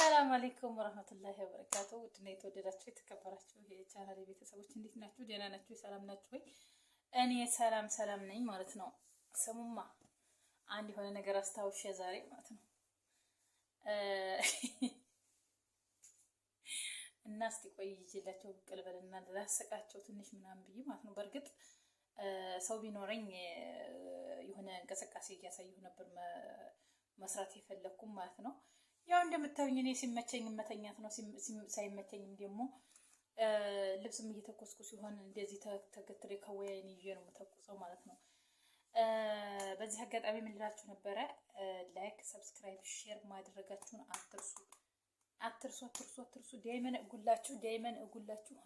ሰላም አለይኩም ወራህመቱላሂ ወበረካቱ። ውድና የተወደዳችሁ የተከበራችሁ የቻናሌ ቤተሰቦች እንዴት ናችሁ? ደህና ናችሁ? ሰላም ናችሁ ወይ? እኔ ሰላም ሰላም ነኝ ማለት ነው። ስሙማ አንድ የሆነ ነገር አስታውሼ ዛሬ ማለት ነው እና እስቲ ቆይ ይዤላቸው ብቅል በልና ላስቃቸው ትንሽ ምናምን ብዬ ማለት ነው። በእርግጥ ሰው ቢኖረኝ የሆነ እንቅስቃሴ እያሳየሁ ነበር መስራት የፈለግኩም ማለት ነው። ያው እንደምታዩኝ እኔ ሲመቸኝ መተኛት ነው፣ ሳይመቸኝም ደግሞ ልብስም እየተኮስኩ ሲሆን እንደዚህ ተገትሬ ከወያይን ይዤ ነው የምተኩሰው ማለት ነው። በዚህ አጋጣሚ የምንላችሁ ነበረ ላይክ፣ ሰብስክራይብ፣ ሼር ማድረጋችሁን አትርሱ፣ አትርሱ፣ አትርሱ፣ አትርሱ። ዳይመን እጉላችሁ፣ ዳይመን እጉላችሁ።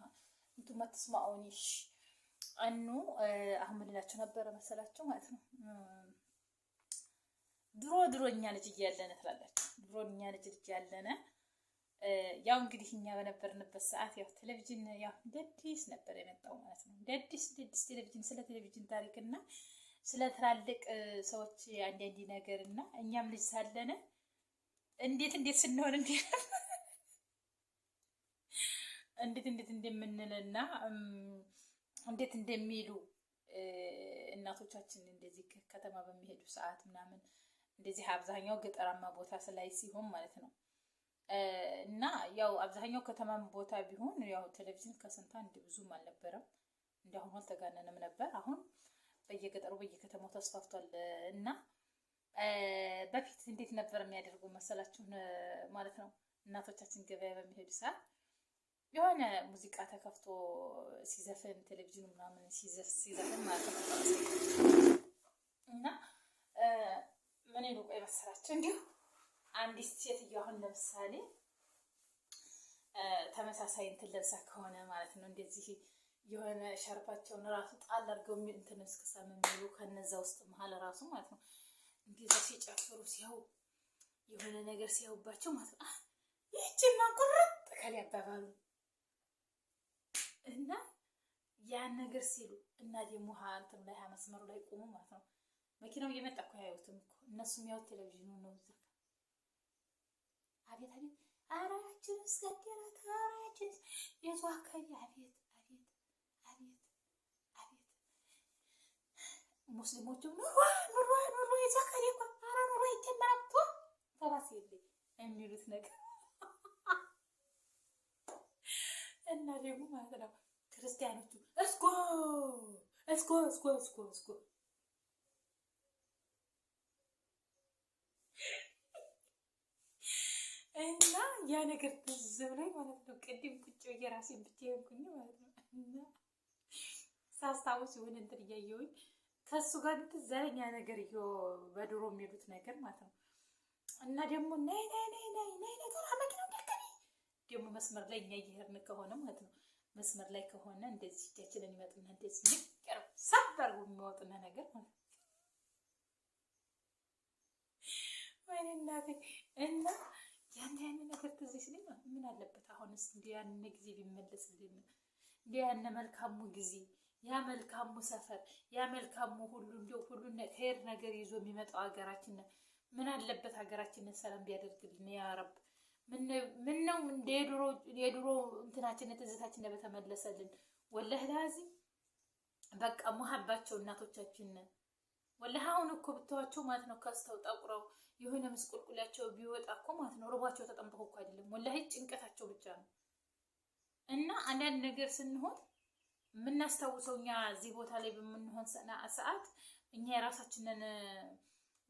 እንቱም አትስማውኒሽ አኑ አሁን ምንላችሁ ነበረ መሰላችሁ ማለት ነው። ድሮ ድሮ እኛ ልጅ እያለን ትላላችሁ ብሎን እኛ ልጅ ልጅ ያለነ ያው እንግዲህ እኛ በነበርንበት ሰዓት ያው ቴሌቪዥን ያው እንደ አዲስ ነበር የመጣው ማለት ነው። እንደ አዲስ እንደ አዲስ ቴሌቪዥን ስለ ቴሌቪዥን ታሪክና ስለ ትላልቅ ሰዎች አንዳንድ ነገር እና እኛም ልጅ ሳለነ እንዴት እንዴት ስንሆን እንዴት እንዴት እንደምንል እንደምንልና እንዴት እንደሚሉ እናቶቻችን እንደዚህ ከተማ በሚሄዱ ሰዓት ምናምን እንደዚህ አብዛኛው ገጠራማ ቦታ ላይ ሲሆን ማለት ነው። እና ያው አብዛኛው ከተማም ቦታ ቢሆን ያው ቴሌቪዥን ከስንታ አንድ ብዙም አልነበረም፣ እንዲያሁኑ አልተጋነንም ነበር። አሁን በየገጠሩ በየከተማው ተስፋፍቷል። እና በፊት እንዴት ነበር የሚያደርጉ መሰላችሁ ማለት ነው። እናቶቻችን ገበያ በሚሄዱ ሰዓት የሆነ ሙዚቃ ተከፍቶ ሲዘፍን ቴሌቪዥኑ ምናምን ሲዘፍን ማለት ነው እና ምን ይሉ ቆይ መሰላችሁ እንዲሁ አንዲት ሴትዮ አሁን ለምሳሌ ተመሳሳይ እንትን ለብሳ ከሆነ ማለት ነው እንደዚህ የሆነ ሸርባቸውን ራሱ ጣል አድርገው እንትን እስከሳ የሚሉ ከነዛ ውስጥ መሀል ራሱ ማለት ነው እንደዛ ሲጨፍሩ ሲያው የሆነ ነገር ሲያውባቸው ማለት ነው ይህችና ቁርጥ ከል ያባባሉ እና ያን ነገር ሲሉ እና ደግሞ ሀ እንትኑ ላይ ሀ መስመሩ ላይ ቆሙ ማለት ነው። መኪናው እየመጣ እኮ ያዩትም እኮ እነሱ የሚያዩት ቴሌቪዥኑ ነው። እዚህ አቤት አቤት፣ አራያችንስ ገደላት፣ አራያችንስ የዙ አካባቢ አቤት አቤት አቤት አቤት፣ ሙስሊሞቹም ኑሯ ኑሯ ኑሯ የዙ አካባቢ እኮ አራ ኑሯ ይጀመራቶ ተባስ የሚሉት ነገር እና ደግሞ ማለት ነው ክርስቲያኖቹ ያ ነገር ትዝ ብሎኝ ማለት ነው። ቅድም ቁጭ ብዬ ራሴን ብቻ ሄድኩኝ ማለት ነው እና ሳስታውስ የሆነ እንትን እያየሁኝ ከሱ ጋር ትዝ አለኝ ያ ነገር እዮ በድሮ የሚሉት ነገር ማለት ነው እና ደግሞ ናይ ናይ ናይ ናይ ናይ ነገር መኪናው ደከሚ ደግሞ መስመር ላይ እኛ እየሄድን ከሆነ ማለት ነው መስመር ላይ ከሆነ እንደዚህ እጃችንን ይመጡና እንደዚህ ይቀርብ ሳበር የሚወጡና ነገር ማለት ነው ወይኔ እናቴ እና ያን ያን ነገር ትዝ ሲለኝ ምን አለበት አሁንስ እንዲ ያን ጊዜ ቢመለስልን እንዲ ያን መልካሙ ጊዜ ያ መልካሙ ሰፈር ያ መልካሙ ሁሉ እንዲ ሁሉ ኸይር ነገር ይዞ የሚመጣው ሀገራችን ምን አለበት ሀገራችንን ሰላም ቢያደርግልን ያ ረብ ምን ነው እንደ የድሮ እንትናችን ትዝታችን በተመለሰልን ወላህ ላዚ በቃ ሙሀባቸው እናቶቻችን ወላሂ አሁን እኮ ብተዋቸው ማለት ነው ከስተው ጠቁረው የሆነ ምስቁልቁላቸው ቢወጣ እኮ ማለት ነው ርቧቸው ተጠምጥቆ እኮ አይደለም፣ ወላሂ ጭንቀታቸው ብቻ ነው። እና አንዳንድ ነገር ስንሆን የምናስታውሰው እኛ እዚህ ቦታ ላይ በምንሆን ሰዓት እኛ የራሳችንን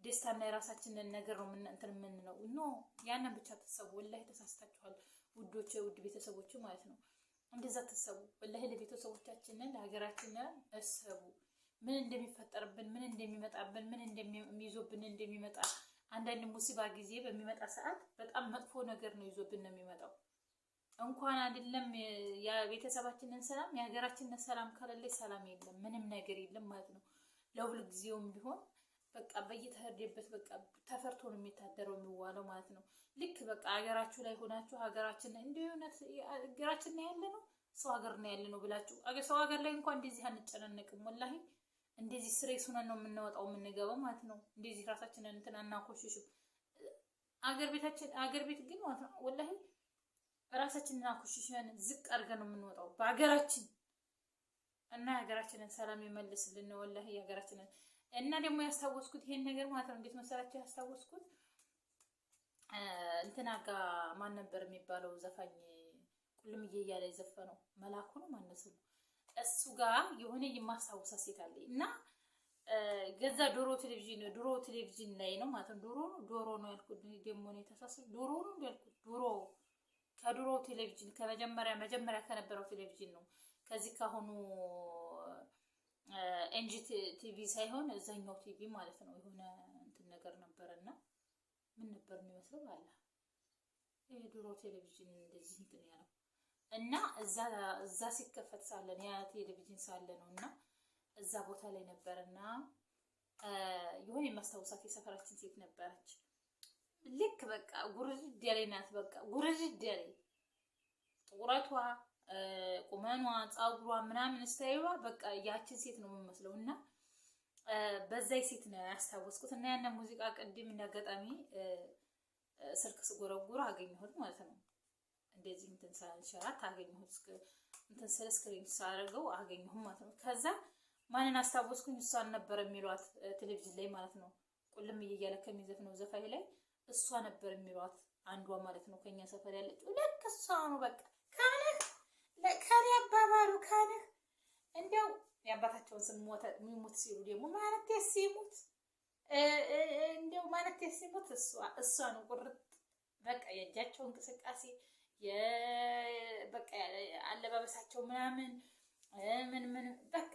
ደስታና የራሳችንን ነገር ነው እንትን የምንለው ኖ ያንን ብቻ ተሰቡ ወላሂ ተሳስታችኋል ውዶች፣ ውድ ቤተሰቦች ማለት ነው። እንደዛ ተሰቡ ወላሂ ለቤተሰቦቻችንን ለሀገራችንን እሰቡ። ምን እንደሚፈጠርብን፣ ምን እንደሚመጣብን፣ ምን እንደሚይዞብን እንደሚመጣ አንዳንድ ሙሲባ ጊዜ በሚመጣ ሰዓት በጣም መጥፎ ነገር ነው ይዞብን ነው የሚመጣው። እንኳን አይደለም የቤተሰባችንን ሰላም የሀገራችንን ሰላም ከሌለች ሰላም የለም፣ ምንም ነገር የለም ማለት ነው። ለሁል ጊዜውም ቢሆን በቃ በየተሄደበት በቃ ተፈርቶ ነው የሚታደረው የሚዋለው ማለት ነው። ልክ በቃ ሀገራችሁ ላይ ሆናችሁ ሀገራችን እንዲሆነት ሀገራችን ያለ ነው ሰው ሀገር ነው ያለ ነው ብላችሁ ሰው ሀገር ላይ እንኳን እንደዚህ አንጨናነቅም ወላሂ እንደዚህ ስሬስ ሆነን ነው የምንወጣው የምንገባው ማለት ነው። እንደዚህ ራሳችንን እንትን አናኮሽሽም። አገር ቤታችን አገር ቤት ግን ማለት ነው ወላሂ ራሳችንን አኮሽሽን ዝቅ አድርገን ነው የምንወጣው በሀገራችን እና የሀገራችንን ሰላም ይመልስልን። ወላሂ የሀገራችንን እና ደግሞ ያስታወስኩት ይሄን ነገር ማለት ነው እንዴት መሰላቸው ያስታወስኩት እንትና ጋ ማን ነበር የሚባለው ዘፋኝ ቁልምዬ እያለ የዘፈነው መላኩ ነው ማነሱ ነው እሱ ጋር የሆነ የማስታወሳ ሴት አለ እና ገዛ ዶሮ ቴሌቪዥን ዶሮ ቴሌቪዥን ላይ ነው ማለት ነው። ዶሮ ዶሮ ነው ያልኩት ደግሞ ነው የተሳሰብ ዶሮ ነው ያልኩት ዶሮ ከዶሮ ቴሌቪዥን ከመጀመሪያ መጀመሪያ ከነበረው ቴሌቪዥን ነው ከዚህ ካሁኑ ኤንጂ ቲቪ ሳይሆን እዛኛው ቲቪ ማለት ነው። የሆነ እንትን ነገር እና ምን ነበር የሚመስለው አለ ይሄ ዶሮ ቴሌቪዥን እንደዚህ እንትን ያለው እና እዛ ሲከፈት ሳለን ያ ቴሌቪዥን ሳለ ነው እና እዛ ቦታ ላይ ነበር እና የሆነ የማስታውሳት የሰፈራችን ሴት ነበረች። ልክ በቃ ጉርድ ያሌ ናት። በቃ ጉርድ ያሌ ጥቁረቷ፣ ቁመኗ፣ ፀጉሯ ምናምን ስታይሏ በቃ ያችን ሴት ነው የምመስለው እና በዛይ ሴት ነው ያስታወስኩት እና ያንን ሙዚቃ ቅድም እንዳጋጣሚ ስልክ ስጎረጉር አገኘሁት ማለት ነው። እንደዚህ እንትን ሳልሸራት አገኘሁ። እንትን ስለ ስክሪን ሳደርገው አገኘሁ ማለት ነው። ከዛ ማንን አስታወስኩኝ? እሷን ነበር የሚሏት ቴሌቪዥን ላይ ማለት ነው። ቁልም እያለ ከሚዘፍነው ዘፋኝ ላይ እሷ ነበር የሚሏት አንዷ ማለት ነው። ከኛ ሰፈር ያለችው ልክ እሷ ነው። በቃ ካንህ ለከሪ አባባሉ ካንህ እንደው የአባታቸውን ስም የሚሞት ሲሉ ደግሞ ማለት ሲሙት እንደው ማለት ሲሙት እሷ እሷ ነው ቁርጥ በቃ የእጃቸው እንቅስቃሴ በቃ አለባበሳቸው ምናምን ምን ምን በቃ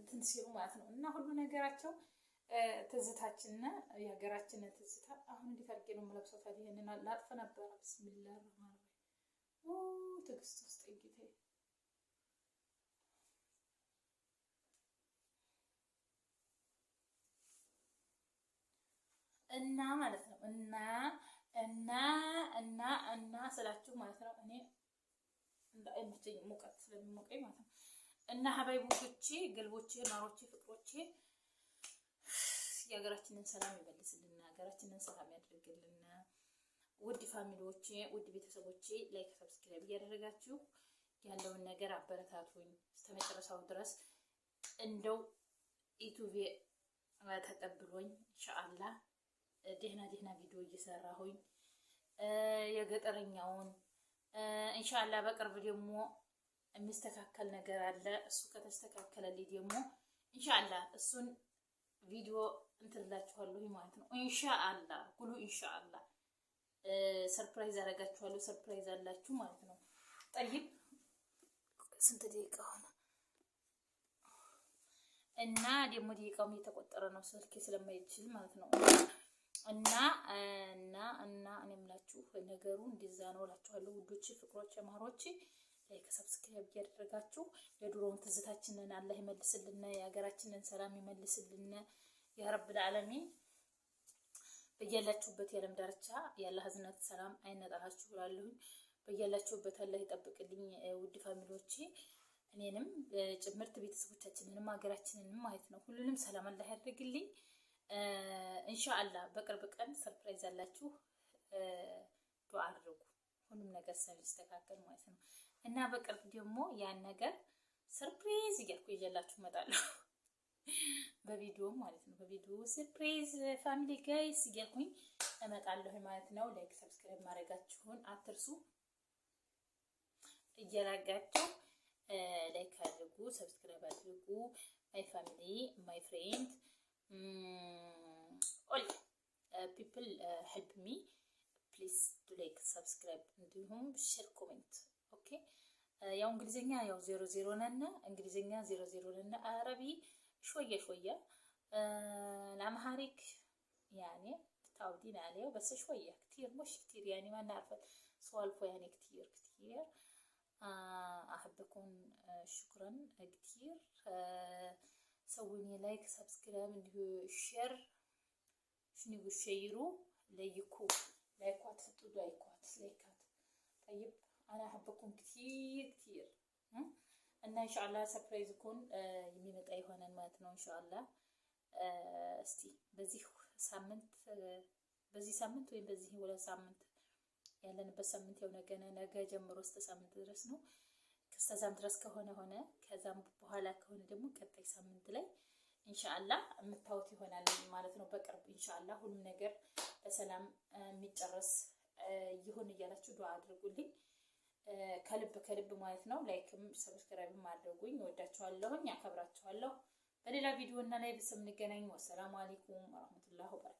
እንትን ሲሉ ማለት ነው እና ሁሉ ነገራቸው ትዝታችንና የሀገራችንን ትዝታ አሁን እንዴት አድርጌ ነው የምለብሰው? ታዲያ ይሄንን ላጥፍ ነበረ። ብስሚላ ረህማን ረሂም ትዕግስት ውስጥ እንጌታ እና ማለት ነው እና እና እና እና ስላችሁ ማለት ነው። እኔ እንዳይመቸኝ ሙቀት ስለሚሞቀኝ ማለት ነው። እና ሀባይቦቾቼ፣ ገልቦቼ፣ ማሮቼ፣ ፍቅሮቼ የሀገራችንን ሰላም ይመልስልና ሀገራችንን ሰላም ያድርግልና። ውድ ፋሚሊዎቼ፣ ውድ ቤተሰቦቼ፣ ላይክ ሰብስክራይብ እያደረጋችሁ ያለውን ነገር አበረታቱኝ እስከመጨረሻው ድረስ እንደው ኢቱቤ ተቀብሎኝ ኢንሻአላህ ደህና ደህና ቪዲዮ እየሰራሁኝ የገጠረኛውን እንሻላ በቅርብ ደግሞ የሚስተካከል ነገር አለ። እሱ ከተስተካከለልኝ ደግሞ እንሻላ እሱን ቪዲዮ እንትንላችኋለሁ ማለት ነው። እንሻአላ ሁሉ እንሻአላ ሰርፕራይዝ አደርጋችኋለሁ። ሰርፕራይዝ አላችሁ ማለት ነው። ጠይብ ስንት ደቂቃ ሆነ? እና ደግሞ ደቂቃውም እየተቆጠረ ነው ስልኬ ስለማይችል ማለት ነው። እና እና እና እኔ የምላችሁ ነገሩ እንደዛ ነው እላችኋለሁ ውዶች፣ ፍቅሮች፣ ማሮች ላይክ ሰብስክራይብ እያደረጋችሁ የድሮውን ትዝታችንን አላህ ይመልስልን፣ የሀገራችንን ሰላም ይመልስልን የረብ ዓለሚን። በያላችሁበት የዓለም ዳርቻ የአላህ ህዝነት ሰላም አይነጠላችሁ እላለሁ። በያላችሁበት አላህ ይጠብቅልኝ ውድ ፋሚሊዎች እኔንም ጭምርት ቤተሰቦቻችንንም ሀገራችንንም ማለት ነው ሁሉንም ሰላም አላህ ያደርግልኝ። እንሻአላ በቅርብ ቀን ሰርፕራይዝ ያላችሁ ዱአ አድርጉ። ሁሉም ነገር ስለሚስተካከል ማለት ነው። እና በቅርብ ደግሞ ያን ነገር ሰርፕራይዝ እያልኩ ይዤላችሁ እመጣለሁ በቪዲዮ ማለት ነው። በቪዲዮ ሰርፕራይዝ ፋሚሊ ጋይስ እያልኩኝ እመጣለሁ ማለት ነው። ላይክ ሰብስክራይብ ማድረጋችሁን አትርሱ። እየላጋችሁ ላይክ አድርጉ፣ ሰብስክራይብ አድርጉ። ማይ ፋሚሊ ማይ ፍሬንድ قولي بيبل هيلب مي بليز تو لايك سبسكرايب نديرهم شير እንዲሁም ሼር يا ኦኬ ያው زيرو ያው 00 ነን زيرو زيرو لنا عربي شويه شويه uh, الامهاريك يعني تعودين عليه بس شويه كتير مش كتير يعني ما نعرف سوالفه يعني كتير كتير uh, أحبكم uh, شكرا كتير سويني لايك سبسكرايب شير ሽኒው ሸይሩ ለይኩ ላይኳት ፍጡዱ ላይኳት ላይካት ጠይብ አና ሀበኩም ክቲር ክቲር እና እንሻላ ሰርፕራይዝ ኮን የሚመጣ ይሆናል ማለት ነው። ኢንሻአላ እስቲ በዚህ ሳምንት በዚህ ሳምንት ወይም በዚህ ሁለት ሳምንት ያለንበት ሳምንት ያው ነገ ነገ ጀምሮ እስከ ሳምንት ድረስ ነው። ከዛም ድረስ ከሆነ ሆነ ከዛም በኋላ ከሆነ ደግሞ ቀጣይ ሳምንት ላይ እንሻላ የምታዩት ይሆናል ማለት ነው። በቅርብ እንሻላ ሁሉም ነገር በሰላም የሚጨረስ ይሁን እያላችሁ ዱአ አድርጉልኝ ከልብ ከልብ ማለት ነው። ላይክም ሰብስክራይብም አድርጉኝ። ወዳችኋለሁኝ፣ አከብራችኋለሁ። በሌላ ቪዲዮ እና ላይ ብስ እንገናኝ። ወሰላሙ አሊኩም ወራህመቱላሂ ወበረካቱ።